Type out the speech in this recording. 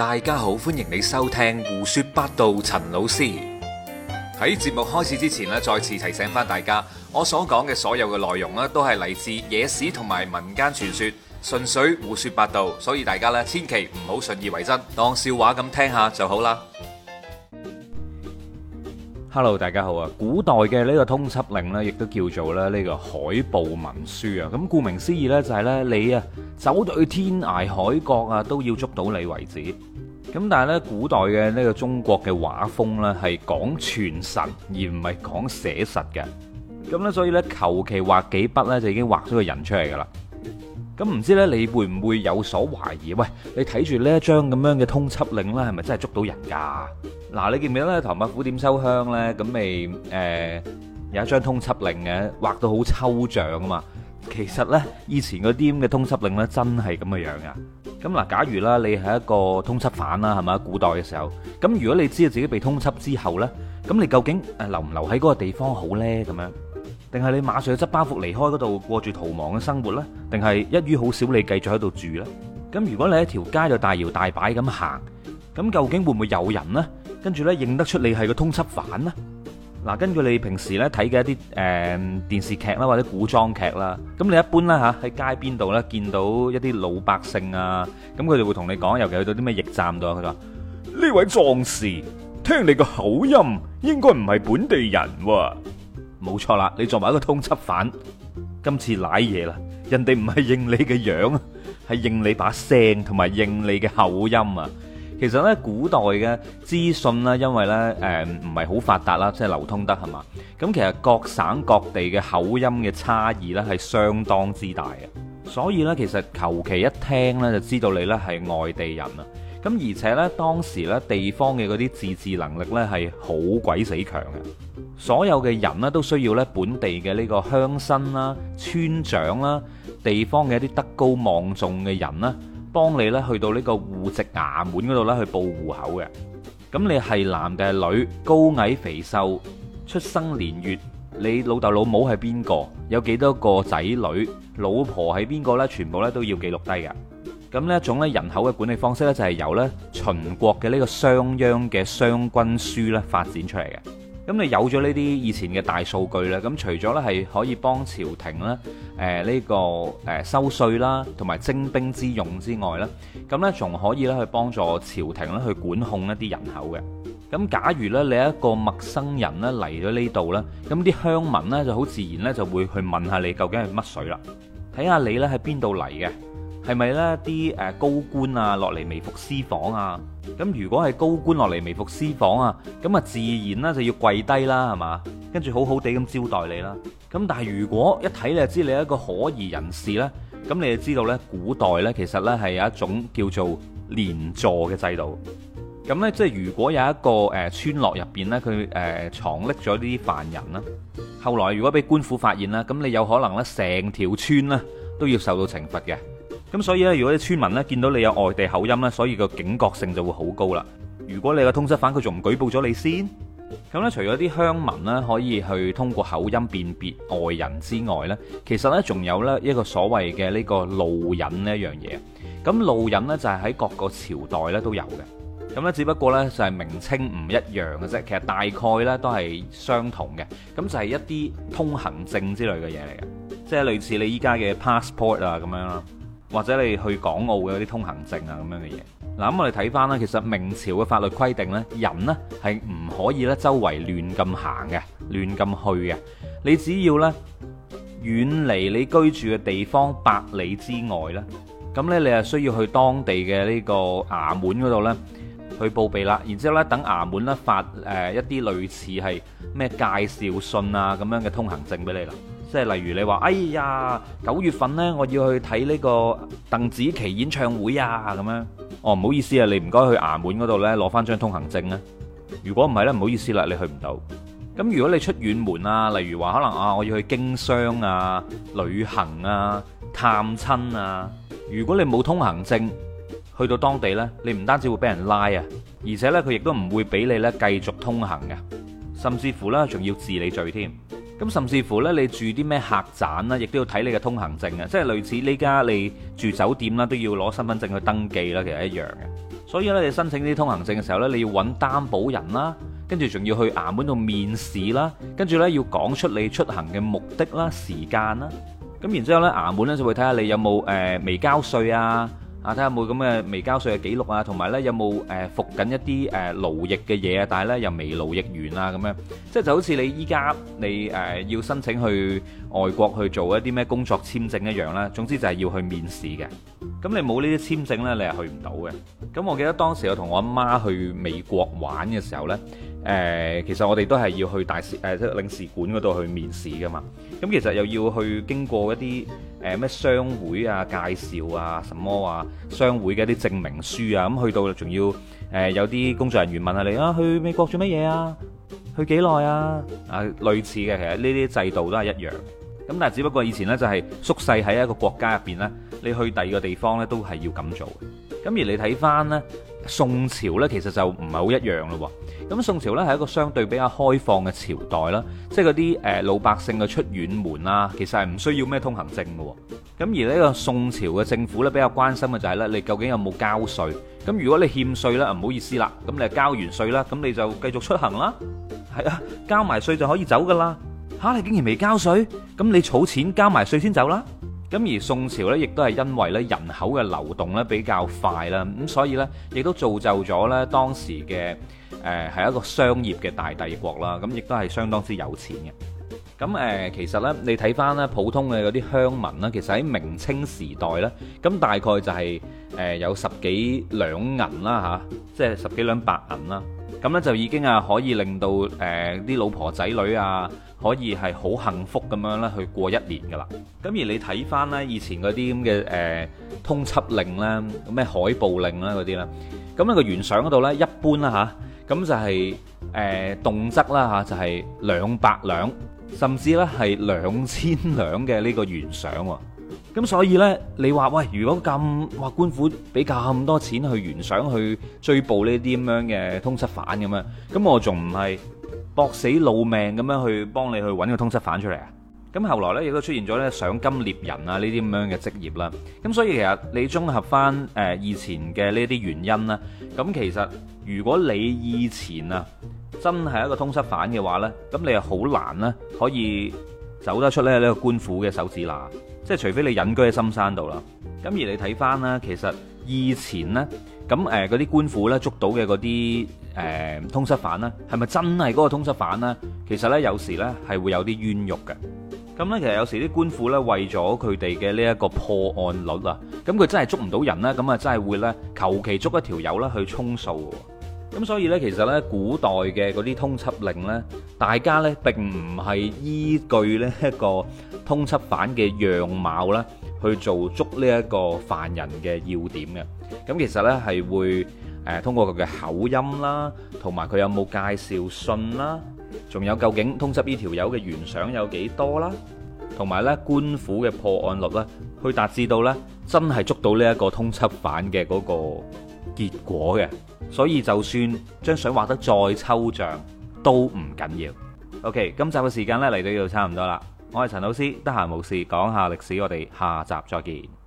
大家好，歡迎你收聽胡說八道。陳老師喺節目開始之前咧，再次提醒翻大家，我所講嘅所有嘅內容咧，都係嚟自野史同埋民間傳說，純粹胡說八道，所以大家咧千祈唔好信以為真，當笑話咁聽下就好啦。Hello，大家好啊！古代嘅呢個通緝令咧，亦都叫做咧呢個海捕文書啊。咁顧名思義咧，就係咧你啊，走到去天涯海角啊，都要捉到你為止。咁但係咧，古代嘅呢個中國嘅畫風呢，係講傳神而唔係講寫實嘅。咁呢，所以呢，求其畫幾筆呢，就已經畫咗個人出嚟噶啦。咁唔知呢，你會唔會有所懷疑？喂，你睇住呢一張咁樣嘅通緝令呢，係咪真係捉到人噶？嗱，你記唔記得呢？唐伯虎點秋香呢？咁咪誒有一張通緝令嘅，畫到好抽象啊嘛。其實呢，以前嗰啲咁嘅通緝令呢，真係咁嘅樣噶。咁嗱，假如啦，你係一個通緝犯啦，係咪？古代嘅時候，咁如果你知道自己被通緝之後呢，咁你究竟誒留唔留喺嗰個地方好呢？咁樣，定係你馬上執包袱離開嗰度過住逃亡嘅生活呢？定係一於好少你繼續喺度住呢？咁如果你喺條街就大搖大擺咁行，咁究竟會唔會有人呢？跟住呢認得出你係個通緝犯呢？嗱，根據你平時咧睇嘅一啲誒電視劇啦，或者古裝劇啦，咁你一般咧嚇喺街邊度咧見到一啲老百姓啊，咁佢哋會同你講，尤其去到啲咩驛站度，佢話：呢位壯士，聽你個口音應該唔係本地人喎。冇錯啦，你作為一個通緝犯，今次瀨嘢啦，人哋唔係認你嘅樣，係認你把聲同埋認你嘅口音啊！其實呢古代嘅資訊啦，因為呢誒唔係好發達啦，即係流通得係嘛。咁其實各省各地嘅口音嘅差異呢係相當之大嘅。所以呢，其實求其一聽呢就知道你呢係外地人啦。咁而且呢，當時呢地方嘅嗰啲自治能力呢係好鬼死強嘅。所有嘅人呢都需要呢本地嘅呢個鄉紳啦、村長啦、地方嘅一啲德高望重嘅人啦。幫你咧去到呢個戶籍衙門嗰度咧去報戶口嘅，咁你係男定係女，高矮肥瘦，出生年月，你老豆老母係邊個，有幾多個仔女，老婆係邊個咧，全部咧都要記錄低嘅。咁呢一種咧人口嘅管理方式咧就係由咧秦國嘅呢個商鞅嘅《商君書》咧發展出嚟嘅。咁你有咗呢啲以前嘅大數據啦，咁除咗咧係可以幫朝廷咧，誒呢個誒收稅啦，同埋徵兵之用之外咧，咁咧仲可以咧去幫助朝廷咧去管控一啲人口嘅。咁假如咧你一個陌生人咧嚟咗呢度咧，咁啲鄉民咧就好自然咧就會去問下你究竟係乜水啦，睇下你咧喺邊度嚟嘅。係咪咧？啲誒高官啊落嚟微服私訪啊？咁如果係高官落嚟微服私訪啊，咁啊自然啦就要跪低啦，係嘛？跟住好好地咁招待你啦。咁但係如果一睇你就知你係一個可疑人士呢，咁你就知道呢古代呢其實呢係有一種叫做連坐嘅制度。咁呢，即係如果有一個村落入邊呢，佢藏匿咗呢啲犯人啦，後來如果俾官府發現啦，咁你有可能呢成條村呢都要受到懲罰嘅。咁所以咧，如果啲村民咧見到你有外地口音咧，所以個警覺性就會好高啦。如果你個通緝犯佢仲唔舉報咗你先？咁咧，除咗啲鄉民咧可以去通過口音辨別外人之外咧，其實咧仲有咧一個所謂嘅呢個路引呢一樣嘢。咁路引咧就係喺各個朝代咧都有嘅。咁咧，只不過咧就係名稱唔一樣嘅啫。其實大概咧都係相同嘅。咁就係一啲通行證之類嘅嘢嚟嘅，即係類似你依家嘅 passport 啊咁樣啦。或者你去港澳嘅啲通行證啊咁樣嘅嘢，嗱咁我哋睇翻啦，其實明朝嘅法律規定呢，人呢係唔可以呢周圍亂咁行嘅，亂咁去嘅。你只要呢，遠離你居住嘅地方百里之外呢，咁你係需要去當地嘅呢個衙門嗰度呢去報備啦，然之後呢，等衙門呢發誒一啲類似係咩介紹信啊咁樣嘅通行證俾你啦。即係例如你話，哎呀，九月份呢，我要去睇呢個鄧紫棋演唱會啊咁樣。哦，唔好意思啊，你唔該去衙門嗰度呢，攞翻張通行證啊。如果唔係呢，唔好意思啦、啊、你去唔到。咁如果你出遠門啊，例如話可能啊，我要去經商啊、旅行啊、探親啊，如果你冇通行證去到當地呢，你唔單止會俾人拉啊，而且呢，佢亦都唔會俾你呢繼續通行嘅，甚至乎呢，仲要治你罪添。咁甚至乎呢，你住啲咩客棧啦，亦都要睇你嘅通行證啊，即係類似呢家你住酒店啦，都要攞身份證去登記啦，其實一樣嘅。所以咧，你申請呢啲通行證嘅時候呢，你要揾擔保人啦，跟住仲要去衙門度面試啦，跟住呢，要講出你出行嘅目的啦、時間啦。咁然之後呢，衙門呢就會睇下你有冇誒未交稅啊。啊！睇下有冇咁嘅未交稅嘅記錄啊，同埋呢有冇誒服緊一啲誒勞役嘅嘢啊，但係呢又未勞役完啊咁樣，即係就好似你依家你誒要申請去外國去做一啲咩工作簽證一樣啦。總之就係要去面試嘅。咁你冇呢啲簽證呢，你係去唔到嘅。咁我記得當時我同我阿媽去美國玩嘅時候呢。呃、其實我哋都係要去大使誒，即、呃、領事館嗰度去面試噶嘛。咁其實又要去經過一啲誒咩商會啊、介紹啊、什麼啊、商會嘅啲證明書啊。咁去到仲要、呃、有啲工作人員問下你啊，去美國做乜嘢啊？去幾耐啊？啊，類似嘅，其實呢啲制度都係一樣。咁但係只不過以前呢，就係、是、縮細喺一個國家入面呢。你去第二個地方咧，都係要咁做。咁而你睇翻咧，宋朝咧，其實就唔係好一樣咯。咁宋朝咧係一個相對比較開放嘅朝代啦，即係嗰啲誒老百姓嘅出遠門啊，其實係唔需要咩通行證嘅。咁而呢個宋朝嘅政府咧，比較關心嘅就係咧，你究竟有冇交稅？咁如果你欠稅咧，唔好意思啦，咁你交完稅啦，咁你就繼續出行啦。係啊，交埋稅就可以走噶啦。吓，你竟然未交稅？咁你儲錢交埋稅先走啦。咁而宋朝呢，亦都係因為呢，人口嘅流動呢，比較快啦，咁所以呢，亦都造就咗呢，當時嘅誒係一個商業嘅大帝國啦，咁亦都係相當之有錢嘅。咁誒其實呢，你睇返呢，普通嘅嗰啲鄉民啦，其實喺明清時代呢，咁大概就係誒有十幾兩銀啦嚇，即係十幾兩白銀啦。咁咧就已經啊可以令到誒啲、呃、老婆仔女啊可以係好幸福咁樣咧去過一年㗎啦。咁而你睇翻呢，以前嗰啲咁嘅誒通緝令呢，咩海捕令啦嗰啲呢？咁、那、呢個懸賞嗰度呢，一般啦吓。咁、啊、就係、是、誒、呃、動輒啦就係兩百兩，甚至呢係兩千兩嘅呢個懸賞喎。咁所以呢，你話喂，如果咁話官府俾咁多錢去懸賞去追捕呢啲咁樣嘅通緝犯咁樣，咁我仲唔係搏死老命咁樣去幫你去揾個通緝犯出嚟啊？咁後來呢，亦都出現咗呢賞金獵人啊呢啲咁樣嘅職業啦。咁所以其實你綜合翻誒以前嘅呢啲原因啦。咁其實如果你以前啊真係一個通緝犯嘅話呢，咁你又好難呢可以走得出咧呢個官府嘅手指罅。即係除非你隱居喺深山度啦，咁而你睇翻啦，其實以前呢，咁誒嗰啲官府咧捉到嘅嗰啲誒通緝犯呢，係咪真係嗰個通緝犯呢？其實呢，有時呢係會有啲冤獄嘅。咁呢，其實有時啲官府呢，為咗佢哋嘅呢一個破案率啊，咁佢真係捉唔到人咧，咁啊真係會呢，求其捉一條友啦去充數。咁所以咧，其實咧，古代嘅嗰啲通緝令咧，大家咧並唔係依據咧一個通緝犯嘅樣貌咧去做捉呢一個犯人嘅要點嘅。咁其實咧係會誒通過佢嘅口音啦，同埋佢有冇介紹信啦，仲有究竟通緝呢條友嘅懸賞有幾多啦，同埋咧官府嘅破案率啦，去達至到咧真係捉到呢一個通緝犯嘅嗰個。結果嘅，所以就算張相畫得再抽象都唔緊要。OK，今集嘅時間咧嚟到呢度差唔多啦。我係陳老師，得閒冇事講下歷史，我哋下集再見。